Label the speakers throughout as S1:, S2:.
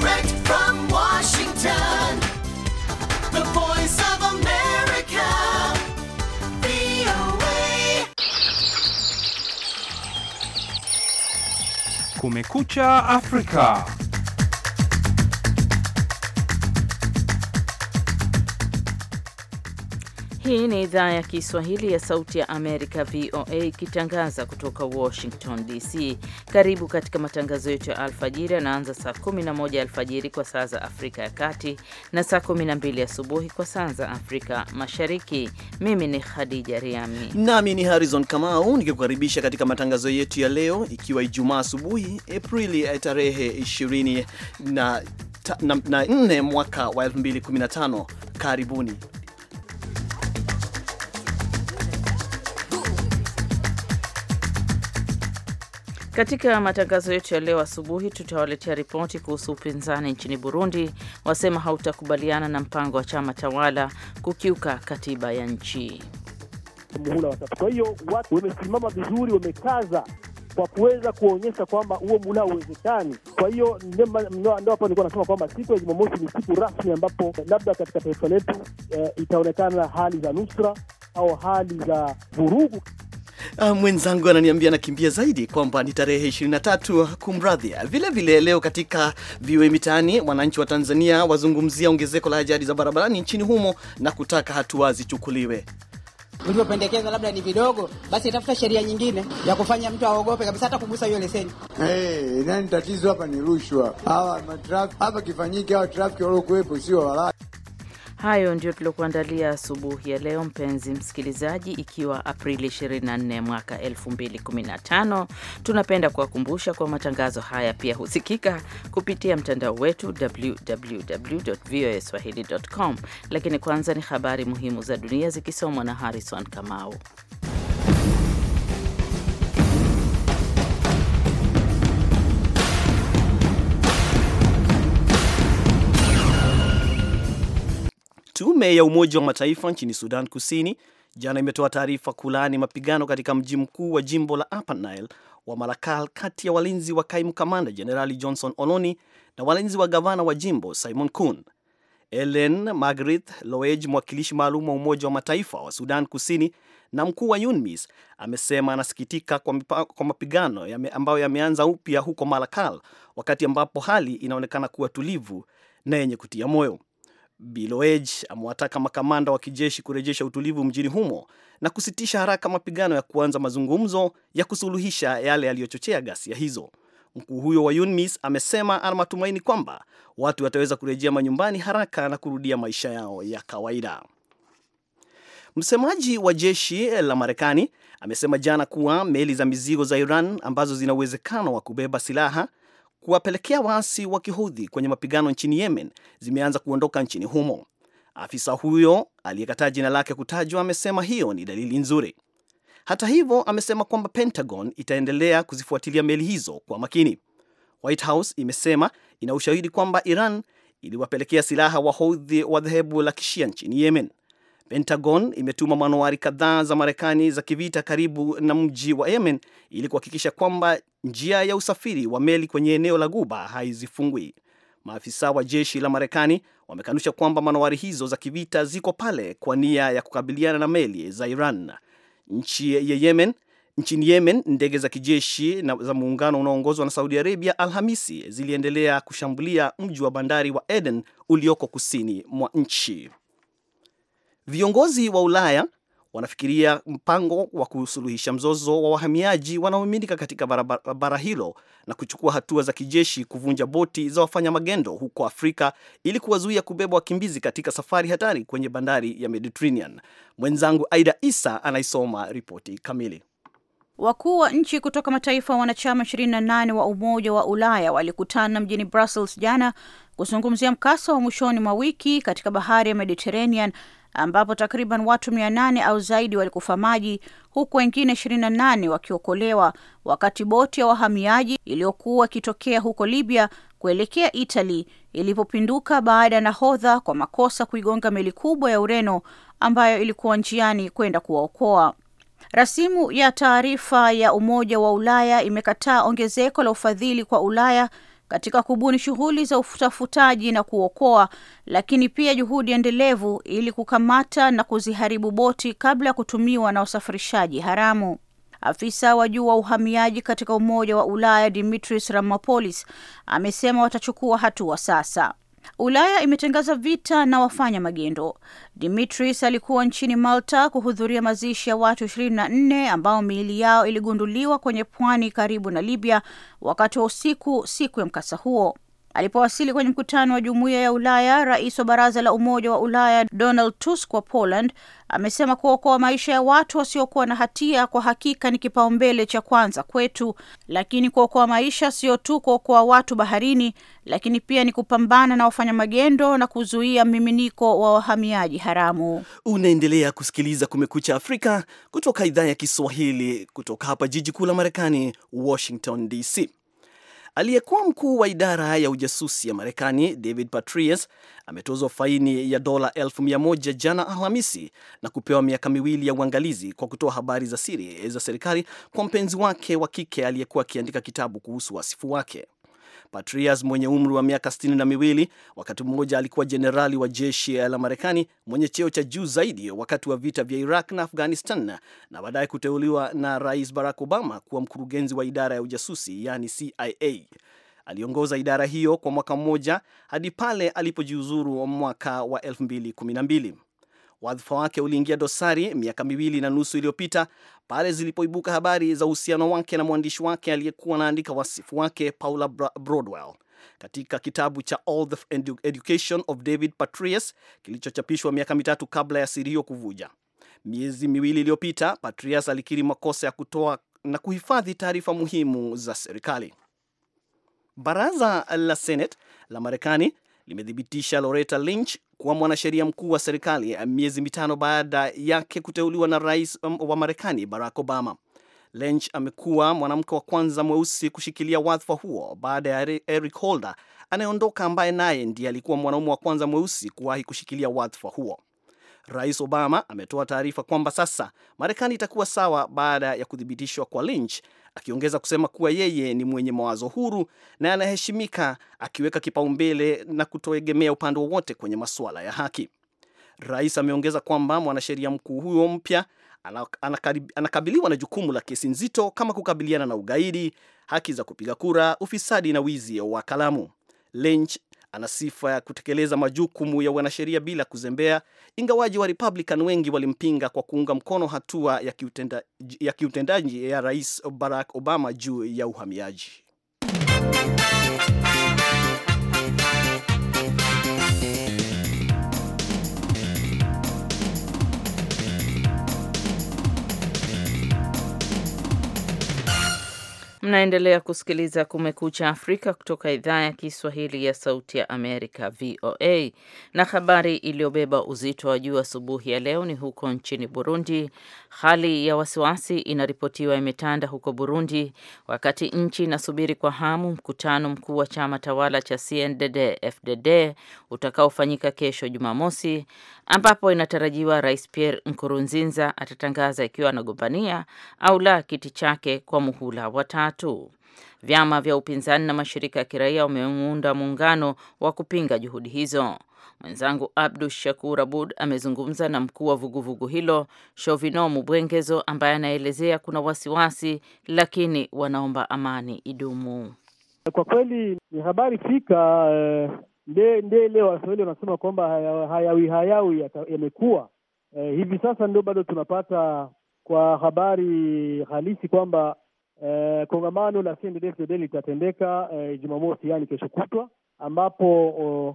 S1: Direct from Washington, the voice of America, VOA. Kumekucha Afrika.
S2: Hii ni idhaa ya Kiswahili ya Sauti ya Amerika, VOA, ikitangaza kutoka Washington DC. Karibu katika matangazo yetu ya alfajiri, yanaanza saa 11 alfajiri kwa saa za Afrika ya Kati na saa 12 asubuhi kwa saa za Afrika Mashariki. Mimi ni Khadija Riami
S1: nami ni Harrison Kamau nikikukaribisha katika matangazo yetu ya leo, ikiwa Ijumaa asubuhi Aprili eh, tarehe 24 mwaka wa 2015. Karibuni.
S2: Katika matangazo yetu ya leo asubuhi, tutawaletea ripoti kuhusu upinzani nchini Burundi wasema hautakubaliana na mpango wa chama tawala kukiuka katiba ya nchi
S3: muhula watatu. Kwa hiyo watu wamesimama vizuri, wamekaza kwa kuweza kuonyesha kwamba huo muhula hauwezekani. Kwa hiyo ndio hapa nilikuwa nasema kwamba siku ya Jumamosi ni siku rasmi ambapo labda katika taifa letu eh, itaonekana hali za nusra au hali za
S1: vurugu. Ah, mwenzangu ananiambia nakimbia zaidi kwamba ni tarehe 23, kumradhi. Vilevile leo katika viwe mitaani, wananchi wa Tanzania wazungumzia ongezeko la ajali za barabarani nchini humo na kutaka hatua zichukuliwe.
S4: Ulivyopendekeza labda ni vidogo, basi tafuta sheria nyingine ya kufanya mtu aogope kabisa hata kugusa hiyo
S2: leseni. Hey, eh, nani tatizo hapa ni rushwa. Hawa matrafiki hapa kifanyike, hawa trafiki waliokuwepo sio walai Hayo ndio tuliokuandalia asubuhi ya leo, mpenzi msikilizaji, ikiwa Aprili 24 mwaka 2015. Tunapenda kuwakumbusha kwa matangazo haya pia husikika kupitia mtandao wetu www voa www.voaswahili.com. Lakini kwanza ni habari muhimu za dunia zikisomwa na Harrison Kamau.
S1: Tume ya Umoja wa Mataifa nchini Sudan Kusini jana imetoa taarifa kulaani mapigano katika mji mkuu wa jimbo la Upper Nile wa Malakal kati ya walinzi wa kaimu kamanda Jenerali Johnson Oloni na walinzi wa gavana wa jimbo Simon Kun. Ellen Margaret Loej, mwakilishi maalum wa Umoja wa Mataifa wa Sudan Kusini na mkuu wa UNMISS, amesema anasikitika kwa, kwa mapigano yame ambayo yameanza upya huko Malakal, wakati ambapo hali inaonekana kuwa tulivu na yenye kutia moyo. Biloj amewataka makamanda wa kijeshi kurejesha utulivu mjini humo na kusitisha haraka mapigano ya kuanza mazungumzo ya kusuluhisha yale yaliyochochea ghasia ya hizo. Mkuu huyo wa UNMISS amesema ana matumaini kwamba watu wataweza kurejea manyumbani haraka na kurudia maisha yao ya kawaida. Msemaji wa jeshi la Marekani amesema jana kuwa meli za mizigo za Iran ambazo zina uwezekano wa kubeba silaha kuwapelekea waasi wa kihudhi kwenye mapigano nchini Yemen zimeanza kuondoka nchini humo. Afisa huyo aliyekataa jina lake kutajwa amesema hiyo ni dalili nzuri. Hata hivyo, amesema kwamba Pentagon itaendelea kuzifuatilia meli hizo kwa makini. White House imesema ina ushahidi kwamba Iran iliwapelekea silaha wahodhi wa dhehebu la Kishia nchini Yemen. Pentagon imetuma manowari kadhaa za Marekani za kivita karibu na mji wa Yemen ili kuhakikisha kwamba njia ya usafiri wa meli kwenye eneo la Guba haizifungwi. Maafisa wa jeshi la Marekani wamekanusha kwamba manowari hizo za kivita ziko pale kwa nia ya kukabiliana na meli za Iran. Nchi ya Yemen, nchini Yemen, ndege za kijeshi na za muungano unaoongozwa na Saudi Arabia Alhamisi ziliendelea kushambulia mji wa bandari wa Eden ulioko kusini mwa nchi. Viongozi wa Ulaya wanafikiria mpango wa kusuluhisha mzozo wa wahamiaji wanaomiminika katika bara, hilo na kuchukua hatua za kijeshi kuvunja boti za wafanya magendo huko Afrika ili kuwazuia kubeba wakimbizi katika safari hatari kwenye bandari ya Mediterranean. Mwenzangu Aida Isa anaisoma ripoti kamili. Wakuu wa nchi kutoka mataifa wanachama
S4: 28 wa Umoja wa Ulaya walikutana mjini Brussels jana kuzungumzia mkasa wa mwishoni mwa wiki katika bahari ya Mediterranean ambapo takriban watu mia nane au zaidi walikufa maji huku wengine 28 wakiokolewa wakati boti ya wahamiaji iliyokuwa ikitokea huko Libya kuelekea Italy ilipopinduka baada ya nahodha kwa makosa kuigonga meli kubwa ya Ureno ambayo ilikuwa njiani kwenda kuwaokoa. Rasimu ya taarifa ya Umoja wa Ulaya imekataa ongezeko la ufadhili kwa Ulaya katika kubuni shughuli za utafutaji na kuokoa, lakini pia juhudi endelevu ili kukamata na kuziharibu boti kabla ya kutumiwa na wasafirishaji haramu. Afisa wa juu wa uhamiaji katika Umoja wa Ulaya Dimitris ramapolis amesema watachukua hatua sasa. Ulaya imetangaza vita na wafanya magendo. Dimitris alikuwa nchini Malta kuhudhuria mazishi ya watu 24 ambao miili yao iligunduliwa kwenye pwani karibu na Libya wakati wa usiku siku ya mkasa huo. Alipowasili kwenye mkutano wa Jumuiya ya Ulaya, rais wa Baraza la Umoja wa Ulaya Donald Tusk wa Poland amesema kuokoa maisha ya watu wasiokuwa na hatia kwa hakika ni kipaumbele cha kwanza kwetu, lakini kuokoa maisha sio tu kuokoa watu baharini, lakini pia ni kupambana na wafanya magendo na kuzuia mmiminiko wa wahamiaji haramu.
S1: Unaendelea kusikiliza Kumekucha Afrika kutoka idhaa ya Kiswahili kutoka hapa jiji kuu la Marekani, Washington DC. Aliyekuwa mkuu wa idara ya ujasusi ya Marekani David Patrius ametozwa faini ya dola elfu mia moja jana Alhamisi na kupewa miaka miwili ya uangalizi kwa kutoa habari za siri za serikali kwa mpenzi wake wa kike aliyekuwa akiandika kitabu kuhusu wasifu wake. Patrias mwenye umri wa miaka sitini na miwili wakati mmoja alikuwa jenerali wa jeshi la Marekani mwenye cheo cha juu zaidi wakati wa vita vya Iraq na Afghanistan na baadaye kuteuliwa na Rais Barack Obama kuwa mkurugenzi wa idara ya ujasusi yani CIA. Aliongoza idara hiyo kwa mwaka mmoja hadi pale alipojiuzuru mwaka wa 2012. Wadhifa wake uliingia dosari miaka miwili na nusu iliyopita pale zilipoibuka habari za uhusiano wake na mwandishi wake aliyekuwa anaandika wasifu wake Paula Broadwell katika kitabu cha All the Education of David Patrius kilichochapishwa miaka mitatu kabla ya siri hiyo kuvuja. Miezi miwili iliyopita, Patrius alikiri makosa ya kutoa na kuhifadhi taarifa muhimu za serikali. Baraza la Senate la Marekani limethibitisha Loretta Lynch kuwa mwanasheria mkuu wa serikali eh, miezi mitano baada yake kuteuliwa na rais um, wa Marekani Barack Obama. Lynch amekuwa mwanamke wa kwanza mweusi kushikilia wadhifa huo baada ya Eric Holder anayeondoka, ambaye naye ndiye alikuwa mwanaume wa kwanza mweusi kuwahi kushikilia wadhifa huo. Rais Obama ametoa taarifa kwamba sasa Marekani itakuwa sawa baada ya kuthibitishwa kwa Lynch akiongeza kusema kuwa yeye ni mwenye mawazo huru na anaheshimika, akiweka kipaumbele na kutoegemea upande wowote kwenye masuala ya haki. Rais ameongeza kwamba mwanasheria mkuu huyo mpya anakabiliwa na jukumu la kesi nzito kama kukabiliana na ugaidi, haki za kupiga kura, ufisadi na wizi wa kalamu. Lynch ana sifa ya kutekeleza majukumu ya wanasheria bila kuzembea, ingawaji wa Republican wengi walimpinga kwa kuunga mkono hatua ya kiutenda, ya kiutendaji ya Rais Barack Obama juu ya uhamiaji.
S2: Mnaendelea kusikiliza Kumekucha Afrika kutoka idhaa ya Kiswahili ya Sauti ya Amerika, VOA. Na habari iliyobeba uzito wa juu asubuhi ya leo ni huko nchini Burundi. Hali ya wasiwasi inaripotiwa imetanda huko Burundi wakati nchi inasubiri kwa hamu mkutano mkuu wa chama tawala cha CNDD-FDD utakaofanyika kesho Jumamosi, ambapo inatarajiwa Rais Pierre Nkurunziza atatangaza ikiwa anagombania au la kiti chake kwa muhula wa tatu. Vyama vya upinzani na mashirika ya kiraia wameunda muungano wa kupinga juhudi hizo. Mwenzangu Abdu Shakur Abud amezungumza na mkuu wa vuguvugu hilo Shovino Mubwengezo, ambaye anaelezea kuna wasiwasi, lakini wanaomba amani
S3: idumu. Kwa kweli ni habari fika eh, ndio ile waswahili wanasema kwamba hayawi hayawi yamekuwa. E, hivi sasa ndio bado tunapata kwa habari halisi kwamba e, kongamano la cndd litatendeka e, Jumamosi, yani kesho kutwa, ambapo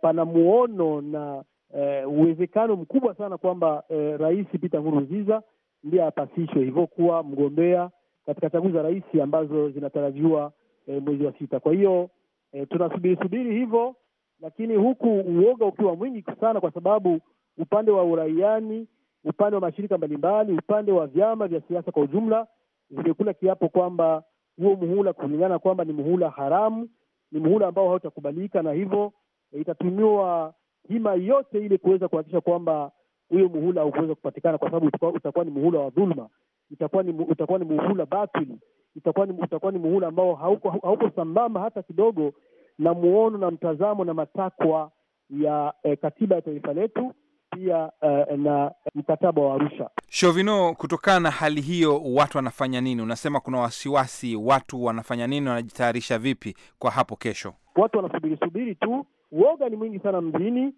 S3: pana muono na e, uwezekano mkubwa sana kwamba e, Rais Pierre Nkurunziza ndiye apasishwe hivyo kuwa mgombea katika chaguzi za rais ambazo zinatarajiwa e, mwezi wa sita. Kwa hiyo E, tunasubiri subiri hivyo, lakini huku uoga ukiwa mwingi sana, kwa sababu upande wa uraiani, upande wa mashirika mbalimbali, upande wa vyama vya siasa kwa ujumla vimekula kiapo kwamba huo muhula, kulingana kwamba ni muhula haramu, ni muhula ambao hautakubalika, na hivyo e, itatumiwa hima yote ile kuweza kuhakikisha kwamba huyo muhula haukuweza kupatikana, kwa sababu utakuwa ni muhula wa dhuluma, utakuwa ni muhula batili utakuwa ni, utakuwa ni muhula ambao hauko, hauko sambamba hata kidogo na muono na mtazamo na matakwa ya eh, katiba ya taifa letu pia eh, na mkataba wa Arusha.
S5: Shovino, kutokana na hali hiyo, watu wanafanya nini? Unasema kuna wasiwasi, watu wanafanya nini? Wanajitayarisha vipi kwa hapo kesho?
S3: Watu wanasubiri subiri tu, woga ni mwingi sana mjini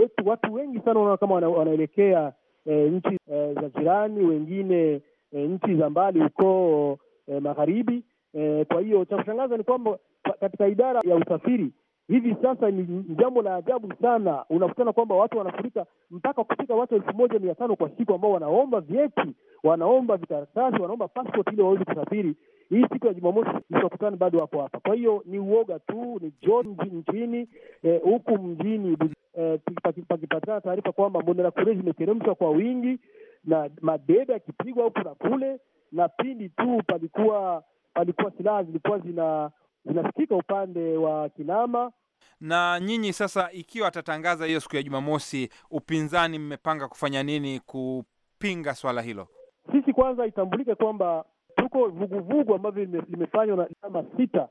S3: wetu. Watu wengi sana wanaona kama wana, wanaelekea eh, nchi eh, za jirani, wengine eh, nchi za mbali huko eh, magharibi eh. Kwa hiyo cha kushangaza ni kwamba katika idara ya usafiri hivi sasa ni jambo la ajabu sana, unakutana kwamba watu wanafurika mpaka kufika watu elfu moja mia tano kwa siku ambao wanaomba vyeti, wanaomba vikaratasi, wanaomba passport ili waweze kusafiri. Hii siku ya Jumamosi isiwakutani bado wako hapa. Kwa hiyo ni uoga tu, ni jo nchini eh, huku eh, mjini eh, pakipatana taarifa kwamba kure zimeteremshwa kwa wingi na madebe yakipigwa huku na kule na pindi tu palikuwa palikuwa silaha zilikuwa zina zinasikika upande wa Kinama.
S6: Na nyinyi sasa,
S2: ikiwa atatangaza hiyo siku ya Jumamosi, upinzani mmepanga kufanya nini kupinga
S6: swala hilo?
S3: Sisi kwanza itambulike kwamba tuko vuguvugu ambavyo limefanywa na chama sita,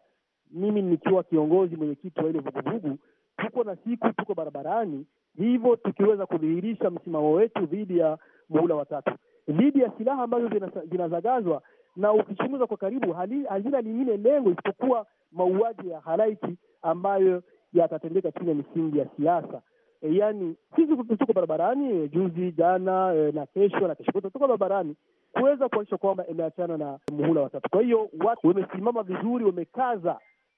S3: mimi nikiwa kiongozi mwenyekiti wa ile vuguvugu. Tuko na siku, tuko barabarani, hivyo tukiweza kudhihirisha msimamo wetu dhidi ya muhula watatu dhidi ya silaha ambazo zinazagazwa na ukichunguza kwa karibu hazina lingine lengo isipokuwa mauaji ya halaiki ambayo yatatendeka chini ya misingi ya siasa. E, yani sisi tuko barabarani e, juzi, jana e, na kesho na kesho kutwa tuko barabarani kuweza kuonyesha kwamba imeachana na muhula watatu. Kwa hiyo watu wamesimama vizuri, wamekaza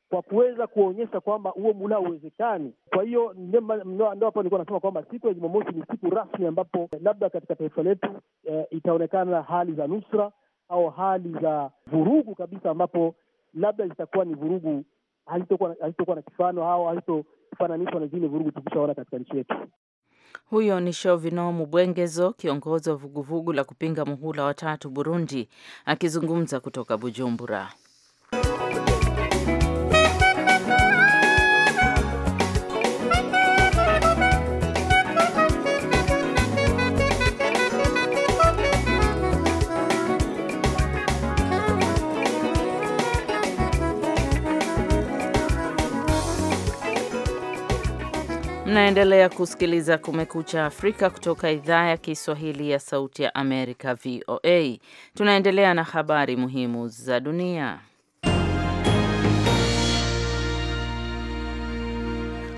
S3: kwa kuweza kuonyesha kwamba huo mula hauwezekani. Kwa hiyo ndio hapo nilikuwa nasema kwamba siku ya Jumamosi ni siku rasmi ambapo labda katika taifa letu e, itaonekana hali za nusra au hali za vurugu kabisa, ambapo labda zitakuwa ni vurugu hazitokuwa na kifano au hazitofananishwa na zile vurugu tukishaona katika nchi yetu.
S2: Huyo ni Shovino Mubwengezo, kiongozi wa vuguvugu la kupinga muhula watatu Burundi, akizungumza kutoka Bujumbura. Mnaendelea kusikiliza Kumekucha Afrika kutoka idhaa ya Kiswahili ya Sauti ya Amerika, VOA. Tunaendelea na habari muhimu za dunia.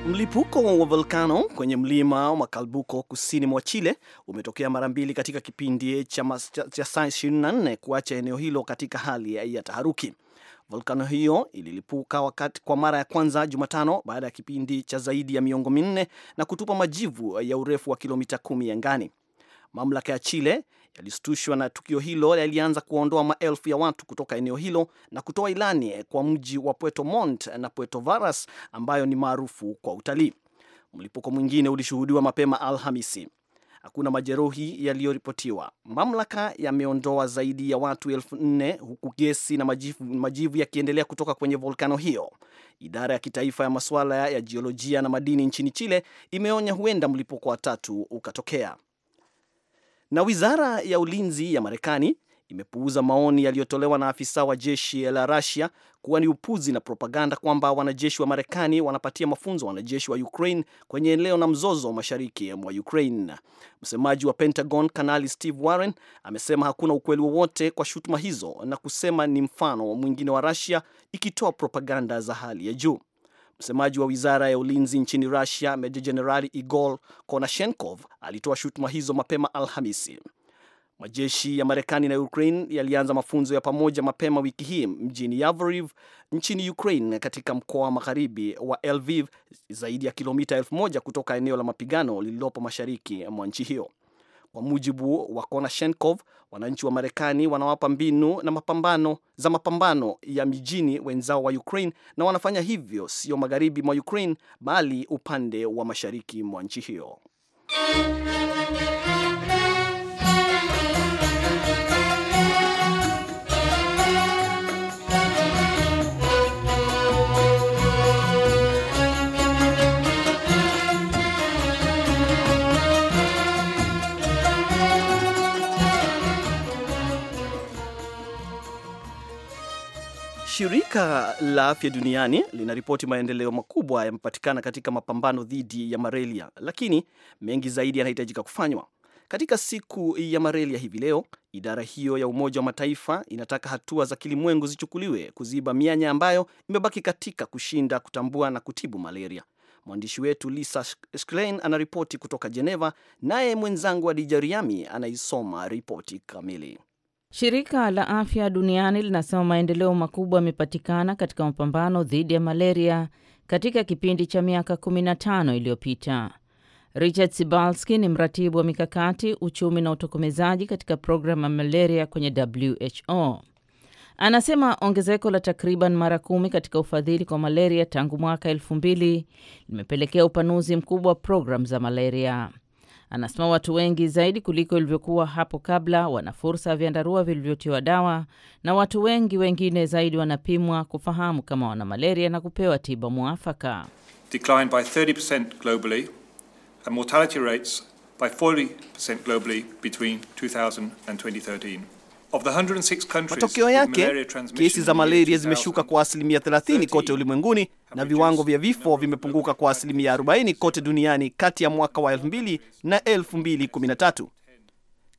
S1: Mlipuko wa volkano kwenye mlima wa Makalbuko kusini mwa Chile umetokea mara mbili katika kipindi cha saa 24 kuacha eneo hilo katika hali ya taharuki. Volkano hiyo ililipuka wakati kwa mara ya kwanza Jumatano baada ya kipindi cha zaidi ya miongo minne na kutupa majivu ya urefu wa kilomita kumi angani. Mamlaka ya Chile yalistushwa na tukio hilo, yalianza kuondoa maelfu ya watu kutoka eneo hilo na kutoa ilani kwa mji wa Puerto Montt na Puerto Varas ambayo ni maarufu kwa utalii. Mlipuko mwingine ulishuhudiwa mapema Alhamisi hakuna majeruhi yaliyoripotiwa. Mamlaka yameondoa zaidi ya watu elfu nne huku gesi na majivu, majivu yakiendelea kutoka kwenye volkano hiyo. Idara ya kitaifa ya masuala ya jiolojia na madini nchini Chile imeonya huenda mlipuko wa tatu ukatokea. Na wizara ya ulinzi ya Marekani imepuuza maoni yaliyotolewa na afisa wa jeshi la Russia kuwa ni upuzi na propaganda kwamba wanajeshi wa Marekani wanapatia mafunzo wanajeshi wa Ukraine kwenye eneo na mzozo wa mashariki mwa Ukraine. Msemaji wa Pentagon Kanali Steve Warren amesema hakuna ukweli wowote kwa shutuma hizo na kusema ni mfano mwingine wa Russia ikitoa propaganda za hali ya juu. Msemaji wa wizara ya ulinzi nchini Russia, meja jenerali Igor Konashenkov, alitoa shutuma hizo mapema Alhamisi. Majeshi ya Marekani na Ukraine yalianza mafunzo ya pamoja mapema wiki hii mjini Yavoriv nchini Ukraine, katika mkoa wa magharibi wa Lviv, zaidi ya kilomita elfu moja kutoka eneo la mapigano lililopo mashariki mwa nchi hiyo. Kwa mujibu wa Konashenkov, wananchi wa Marekani wanawapa mbinu na mapambano za mapambano ya mijini wenzao wa Ukraine, na wanafanya hivyo sio magharibi mwa Ukraine, bali upande wa mashariki mwa nchi hiyo. Shirika la Afya Duniani linaripoti maendeleo makubwa yamepatikana katika mapambano dhidi ya malaria, lakini mengi zaidi yanahitajika kufanywa. Katika siku ya malaria hivi leo, idara hiyo ya Umoja wa Mataifa inataka hatua za kilimwengu zichukuliwe kuziba mianya ambayo imebaki katika kushinda kutambua na kutibu malaria. Mwandishi wetu Lisa Schlein anaripoti kutoka Jeneva, naye mwenzangu Adija Riami anaisoma ripoti kamili.
S2: Shirika la Afya Duniani linasema maendeleo makubwa yamepatikana katika mapambano dhidi ya malaria katika kipindi cha miaka 15 iliyopita. Richard Sibalski ni mratibu wa mikakati, uchumi na utokomezaji katika programu ya malaria kwenye WHO. Anasema ongezeko la takriban mara kumi katika ufadhili kwa malaria tangu mwaka elfu mbili limepelekea upanuzi mkubwa wa programu za malaria. Anasema watu wengi zaidi kuliko ilivyokuwa hapo kabla wana fursa ya vyandarua vilivyotiwa dawa na watu wengi wengine zaidi wanapimwa kufahamu kama wana malaria na kupewa tiba mwafaka.
S1: Decline by 30% globally and mortality rates by 40% globally between 2000
S2: and 2013.
S4: Matokeo yake kesi za malaria zimeshuka
S1: kwa asilimia 30 kote ulimwenguni na viwango vya vifo vimepunguka kwa asilimia 40 kote duniani kati ya mwaka wa 2000 na 2013.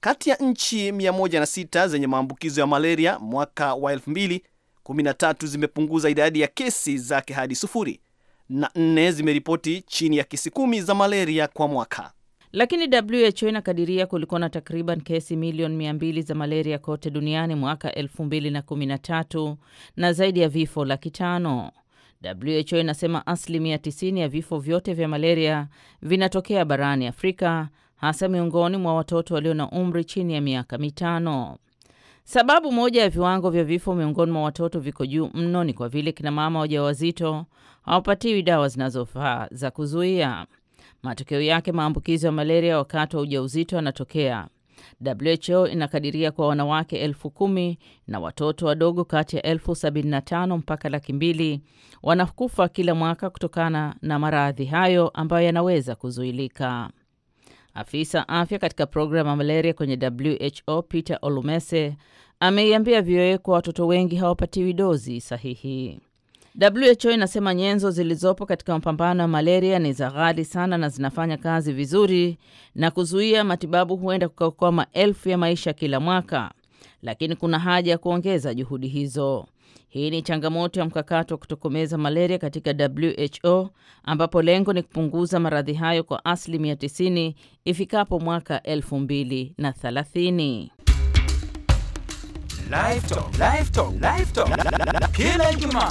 S1: Kati ya nchi 106 zenye maambukizo ya malaria mwaka wa 13 zimepunguza idadi ya kesi zake hadi sufuri na nne zimeripoti chini ya kesi kumi za malaria kwa mwaka.
S2: Lakini WHO inakadiria kulikuwa na takriban kesi milioni mbili za malaria kote duniani mwaka 2013 na zaidi ya vifo laki tano. WHO inasema asilimia 90 ya vifo vyote vya malaria vinatokea barani Afrika, hasa miongoni mwa watoto walio na umri chini ya miaka mitano. Sababu moja ya viwango vya vifo miongoni mwa watoto viko juu mno ni kwa vile kinamama wajawazito hawapatiwi dawa zinazofaa za kuzuia. Matokeo yake maambukizi ya malaria wakati wa ujauzito yanatokea. WHO inakadiria kwa wanawake elfu kumi na watoto wadogo kati ya elfu sabini na tano mpaka laki mbili wanakufa kila mwaka kutokana na maradhi hayo ambayo yanaweza kuzuilika. Afisa afya katika programu ya malaria kwenye WHO Peter Olumese ameiambia VOA kuwa watoto wengi hawapatiwi dozi sahihi. WHO inasema nyenzo zilizopo katika mapambano ya malaria ni za ghali sana na zinafanya kazi vizuri na kuzuia matibabu huenda kukaokoa maelfu ya maisha kila mwaka, lakini kuna haja ya kuongeza juhudi hizo. Hii ni changamoto ya mkakati wa kutokomeza malaria katika WHO ambapo lengo ni kupunguza maradhi hayo kwa asilimia 90 ifikapo mwaka 2030.
S5: Kila Ijumaa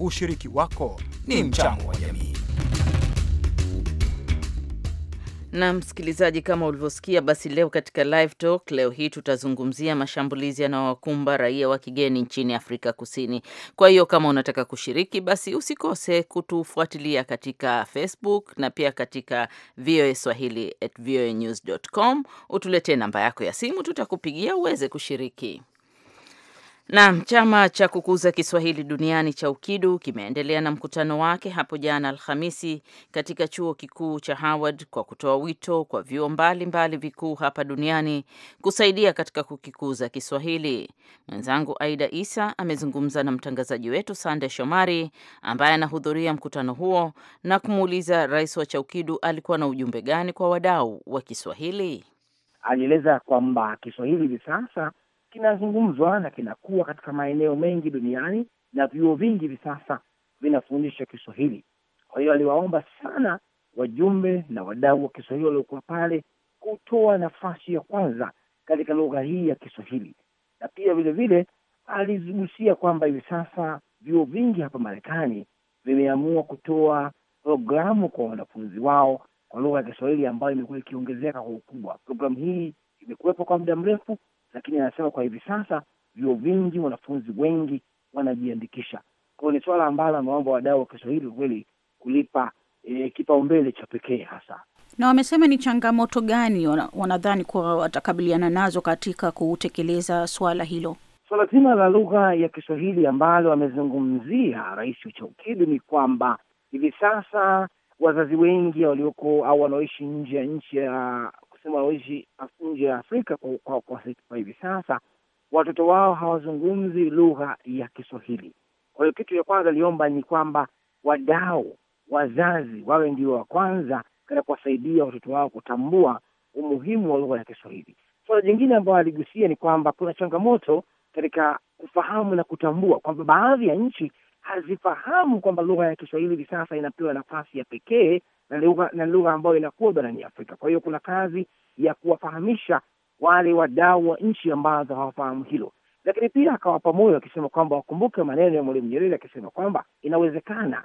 S5: Ushiriki wako ni mchango wa jamii.
S2: Na msikilizaji, kama ulivyosikia, basi leo katika live talk leo hii tutazungumzia mashambulizi yanayowakumba raia wa kigeni nchini Afrika Kusini. Kwa hiyo kama unataka kushiriki, basi usikose kutufuatilia katika Facebook na pia katika VOA Swahili at voanews.com. Utuletee namba yako ya simu, tutakupigia uweze kushiriki. Naam, chama cha kukuza Kiswahili duniani cha UKIDU kimeendelea na mkutano wake hapo jana Alhamisi katika chuo kikuu cha Howard kwa kutoa wito kwa vyuo mbalimbali vikuu hapa duniani kusaidia katika kukikuza Kiswahili. Mwenzangu Aida Isa amezungumza na mtangazaji wetu Sande Shomari ambaye anahudhuria mkutano huo na kumuuliza rais wa cha UKIDU alikuwa na ujumbe gani
S5: kwa wadau wa Kiswahili. Alieleza kwamba Kiswahili hivi sasa kinazungumzwa na kinakuwa katika maeneo mengi duniani, na vyuo vingi hivi sasa vinafundisha Kiswahili. Kwa hiyo aliwaomba sana wajumbe na wadau wa Kiswahili waliokuwa pale kutoa nafasi ya kwanza katika lugha hii ya Kiswahili, na pia vilevile alizugusia kwamba hivi sasa vyuo vingi hapa Marekani vimeamua kutoa programu kwa wanafunzi wao kwa lugha ya Kiswahili ambayo imekuwa ikiongezeka kwa ukubwa. Programu hii imekuwepo kwa muda mrefu, lakini anasema kwa hivi sasa vyuo vingi, wanafunzi wengi wanajiandikisha. kwao. ni swala ambalo ameomba wadau wa Kiswahili kweli kulipa e, kipaumbele cha pekee hasa na wamesema
S4: ni changamoto gani wanadhani kuwa watakabiliana nazo katika kutekeleza
S5: swala hilo. Swala zima la lugha ya Kiswahili ambalo amezungumzia Rais uchaukidu ni kwamba hivi sasa wazazi wengi walioko au wanaoishi nje ya nchi ya wanasema waishi nje ya Afrika kwa, kwa, kwa, kwa hivi sasa watoto wao hawazungumzi lugha ya Kiswahili. Kwa hiyo kitu cha kwanza aliomba ni kwamba wadau, wazazi wawe ndio wa kwanza katika kuwasaidia watoto wao kutambua umuhimu wa lugha ya Kiswahili. Suala so, jingine ambayo aligusia ni kwamba kuna changamoto katika kufahamu na kutambua kwamba baadhi ya nchi hazifahamu kwamba lugha ya Kiswahili hivi sasa inapewa nafasi ya pekee na lugha na lugha ambayo inakuwa barani Afrika. Kwa hiyo kuna kazi ya kuwafahamisha wale wadau wa nchi ambazo hawafahamu hilo, lakini pia akawapa moyo akisema kwamba wakumbuke maneno ya Mwalimu Nyerere akisema kwamba inawezekana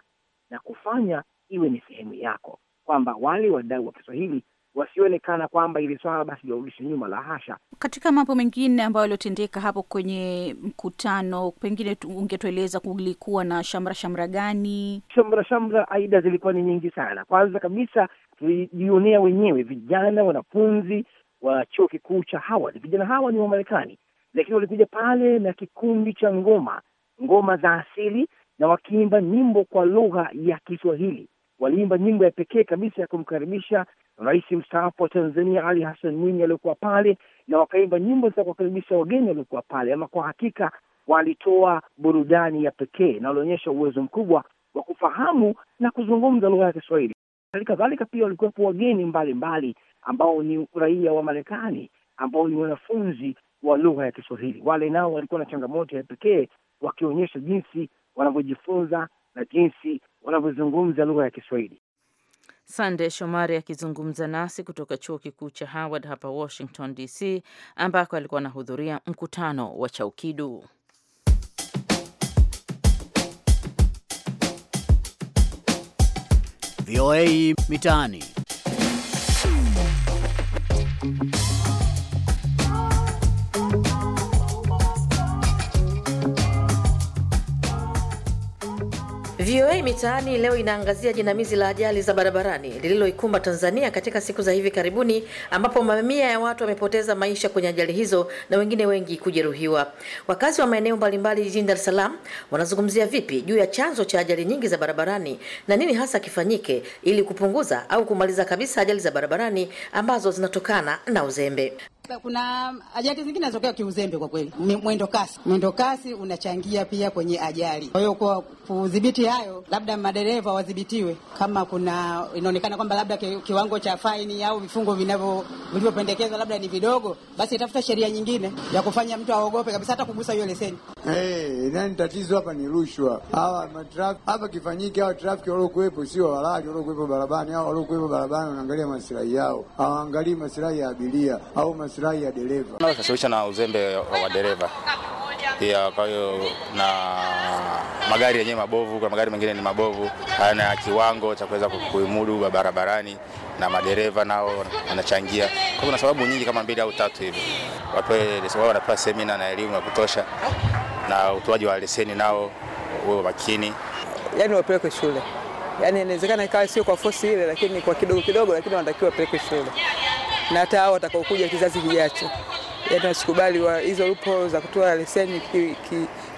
S5: na kufanya iwe ni sehemu yako, kwamba wale wadau wa Kiswahili wasionekana kwamba ili swala basi liwarudishe nyuma, la hasha.
S4: Katika mambo mengine ambayo yaliyotendeka hapo kwenye mkutano, pengine ungetueleza kulikuwa na shamra shamra
S5: gani? Shamra shamra aida zilikuwa ni nyingi sana. Kwanza kabisa tulijionea wenyewe vijana wanafunzi wa chuo kikuu cha Howard. Vijana hawa ni Wamarekani, lakini walikuja pale na kikundi cha ngoma, ngoma za asili, na wakiimba nyimbo kwa lugha ya Kiswahili waliimba nyimbo ya pekee kabisa ya kumkaribisha rais mstaafu wa Tanzania Ali Hassan Mwinyi aliokuwa pale, na wakaimba nyimbo za kuwakaribisha wageni waliokuwa pale. Ama kwa hakika walitoa burudani ya pekee na walionyesha uwezo mkubwa wa kufahamu na kuzungumza lugha ya Kiswahili. Hali kadhalika pia walikuwepo wageni mbalimbali ambao ni raia wa Marekani ambao ni wanafunzi wa lugha ya Kiswahili. Wale nao walikuwa na changamoto ya pekee, wakionyesha jinsi wanavyojifunza na jinsi wanavyozungumza lugha ya Kiswahili.
S2: Sande Shomari akizungumza nasi kutoka chuo kikuu cha Howard hapa Washington DC, ambako alikuwa anahudhuria mkutano wa Chaukidu. VOA Mitaani. VOA Mitaani leo inaangazia jinamizi la ajali za barabarani lililoikumba Tanzania katika siku za hivi karibuni, ambapo mamia ya watu wamepoteza maisha kwenye ajali hizo na wengine wengi kujeruhiwa. Wakazi wa maeneo mbalimbali jijini Dar es Salaam wanazungumzia vipi juu ya chanzo cha ajali nyingi za barabarani na nini hasa kifanyike ili kupunguza au kumaliza kabisa ajali za barabarani ambazo zinatokana na uzembe.
S4: Kuna ajali zingine zinatokea kiuzembe kwa kweli, mwendo kasi, mwendo kasi unachangia pia kwenye ajali. Kwa hiyo kwa kudhibiti hayo, labda madereva wadhibitiwe, kama kuna inaonekana kwamba labda kiwango cha faini au vifungo vinavyo vilivyopendekezwa labda ni vidogo, basi itafuta sheria nyingine ya kufanya mtu
S2: aogope kabisa hata kugusa hiyo leseni.
S3: Hey, eh, nani tatizo hapa ni rushwa.
S2: Hawa matrafiki hapa
S3: kifanyike, hawa trafiki waliokuwepo sio halali, waliokuwepo barabarani, hao waliokuwepo barabarani wanaangalia masilahi yao, hawaangalii masilahi ya abiria au maslahi maslahi ya dereva.
S6: Nashughulika na uzembe wa dereva pia, kwa hiyo na magari yenyewe mabovu, kwa magari mengine ni mabovu, hayana kiwango cha kuweza kuimudu barabarani, na madereva nao wanachangia. Kwa hiyo kuna sababu nyingi kama mbili au tatu hivi, wapewe wanapewa semina na elimu ya kutosha, na utoaji wa leseni nao uwe makini,
S2: yaani wapelekwe shule. Yaani inawezekana ikawa sio kwa fosi ile, lakini kwa kidogo kidogo, lakini wanatakiwa wapelekwe shule na hata hao watakaokuja kizazi kijacho. Yaani wasikubali wa hizo lupo za kutoa leseni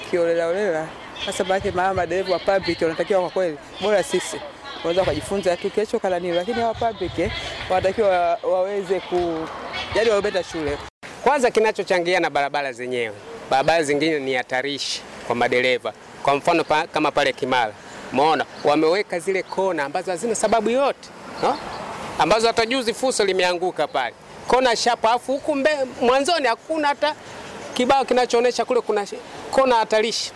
S2: kiolelaolela ki, ki hasa baadhi mama madereva wa public wanatakiwa kwa kweli, bora sisi unaweza ukajifunza tu kesho kala nini, lakini hawa public eh, wanatakiwa waweze ku yaani wabeta shule
S6: kwanza. Kinachochangia na barabara zenyewe, barabara zingine ni hatarishi kwa madereva. Kwa mfano pa, kama pale Kimara, umeona wameweka zile kona ambazo hazina sababu yote no? ambazo hata juzi fuso limeanguka pale kona shapa, alafu huku mwanzoni hakuna hata kibao kinachoonyesha kule kuna kona hatarishi.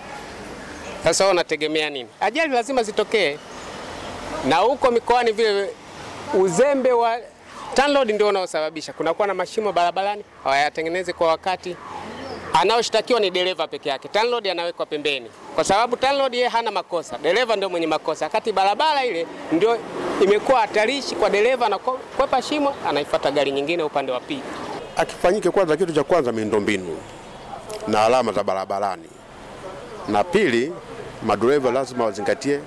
S6: Sasa wao wanategemea nini? Ajali lazima zitokee, na huko mikoani vile uzembe wa TANROADS ndio unaosababisha kunakuwa na mashimo barabarani, hawayatengeneze kwa wakati anaoshtakiwa ni dereva peke yake. Tanlord anawekwa pembeni kwa sababu Tanlord yeye hana makosa, dereva ndio mwenye makosa, wakati barabara ile ndio imekuwa hatarishi kwa dereva, anakwepa shimo, anaifuata gari nyingine upande wa pili.
S3: Akifanyike kwanza, kitu cha kwanza miundombinu na alama za barabarani, na pili, madereva lazima wazingatie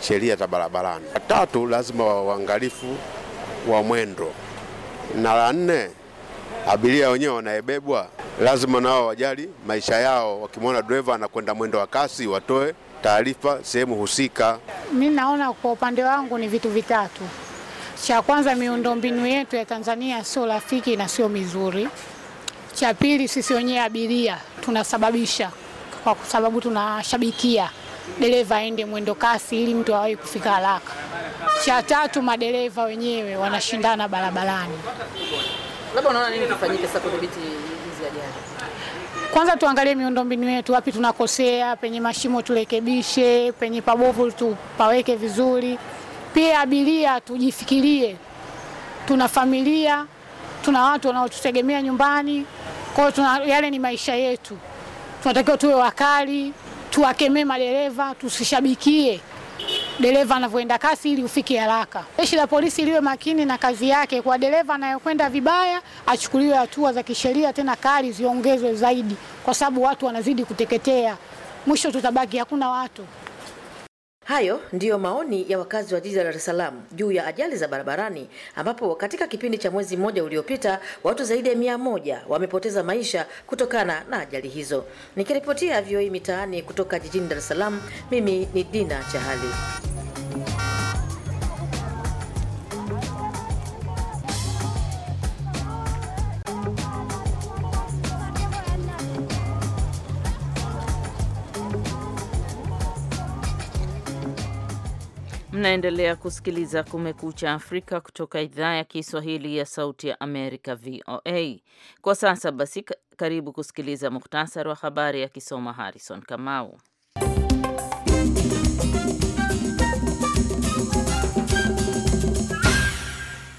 S3: sheria za barabarani, tatu, lazima waangalifu wa mwendo, na la nne abiria wenyewe wanaebebwa, lazima nao wajali maisha yao. Wakimwona dreva anakwenda mwendo wa kasi, watoe taarifa sehemu husika.
S6: Mi naona kwa upande wangu ni vitu vitatu. Cha kwanza, miundombinu yetu ya Tanzania sio rafiki na sio mizuri. Cha pili, sisi wenyewe abiria tunasababisha kwa sababu tunashabikia dereva aende mwendo kasi ili mtu awahi kufika haraka. Cha tatu, madereva wenyewe wanashindana barabarani
S2: labda unaona nini kifanyike sasa kudhibiti hizi ajali?
S6: Kwanza tuangalie miundombinu yetu, wapi tunakosea, penye mashimo turekebishe, penye pabovu tupaweke vizuri. Pia abiria tujifikirie, tuna familia, tuna watu wanaotutegemea nyumbani, kwa hiyo yale ni maisha yetu, tunatakiwa tuwe wakali, tuwakemee madereva, tusishabikie dereva anavyoenda kasi ili ufike haraka. Jeshi la polisi liwe makini na kazi yake, kwa dereva anayokwenda vibaya achukuliwe hatua za kisheria, tena kali ziongezwe zaidi, kwa sababu watu wanazidi kuteketea. Mwisho tutabaki hakuna watu. Hayo
S2: ndiyo maoni ya wakazi wa jiji la Dar es Salaam juu ya ajali za barabarani ambapo katika kipindi cha mwezi mmoja uliopita watu zaidi ya mia moja wamepoteza maisha kutokana na ajali hizo. Nikiripotia VOA e Mitaani kutoka jijini Dar es Salaam, mimi ni Dina Chahali. Mnaendelea kusikiliza Kumekucha Afrika kutoka idhaa ya Kiswahili ya Sauti ya Amerika, VOA. Kwa sasa basi, karibu kusikiliza muhtasari wa habari akisoma Harrison Kamau.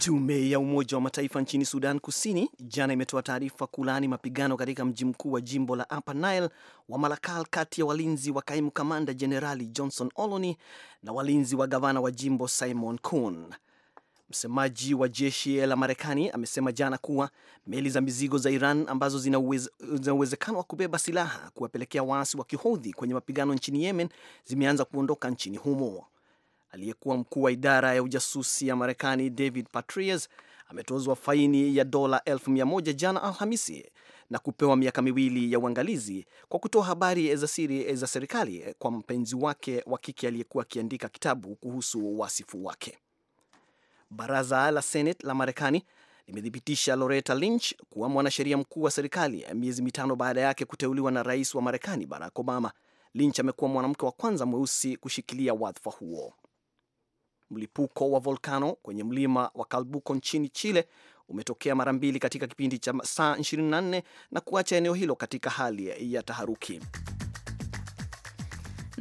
S1: Tume ya Umoja wa Mataifa nchini Sudan Kusini jana imetoa taarifa kulaani mapigano katika mji mkuu wa jimbo la Upper Nile wa Malakal kati ya walinzi wa kaimu kamanda Jenerali Johnson Oloni na walinzi wa gavana wa jimbo Simon Kun. Msemaji wa jeshi la Marekani amesema jana kuwa meli za mizigo za Iran ambazo zina uwezekano uweze wa kubeba silaha kuwapelekea waasi wa Kihodhi kwenye mapigano nchini Yemen zimeanza kuondoka nchini humo aliyekuwa mkuu wa idara ya ujasusi ya Marekani David Patrias ametozwa faini ya dola elfu mia moja jana Alhamisi na kupewa miaka miwili ya uangalizi kwa kutoa habari za siri za serikali kwa mpenzi wake wa kike aliyekuwa akiandika kitabu kuhusu wasifu wake. Baraza la Senate la Marekani limethibitisha Loretta Lynch kuwa mwanasheria mkuu wa serikali miezi mitano baada yake kuteuliwa na rais wa Marekani Barack Obama. Lynch amekuwa mwanamke wa kwanza mweusi kushikilia wadhifa huo. Mlipuko wa volkano kwenye mlima wa Kalbuko nchini Chile umetokea mara mbili katika kipindi cha saa 24 na kuacha eneo hilo katika hali ya taharuki.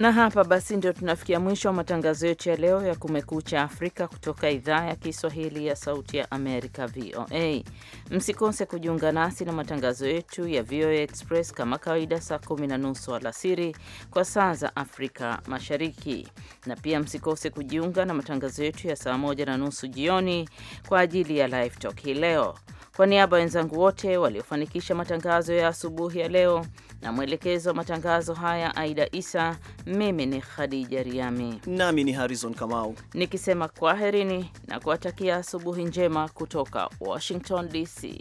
S2: Na hapa basi ndio tunafikia mwisho wa matangazo yetu ya leo ya Kumekucha Afrika kutoka idhaa ya Kiswahili ya Sauti ya Amerika, VOA. Msikose kujiunga nasi na matangazo yetu ya VOA Express kama kawaida, saa kumi na nusu alasiri kwa saa za Afrika Mashariki, na pia msikose kujiunga na matangazo yetu ya saa moja na nusu jioni kwa ajili ya Live Talk hii leo. Kwa niaba ya wenzangu wote waliofanikisha matangazo ya asubuhi ya leo na mwelekezo wa matangazo haya Aida Isa. Mimi ni Khadija Riami nami
S1: ni Harrison Kamau
S2: nikisema kwaherini na kuwatakia asubuhi njema kutoka Washington DC.